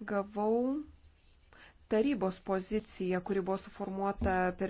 gavau tarybos poziciją, kuri buvo suformuota per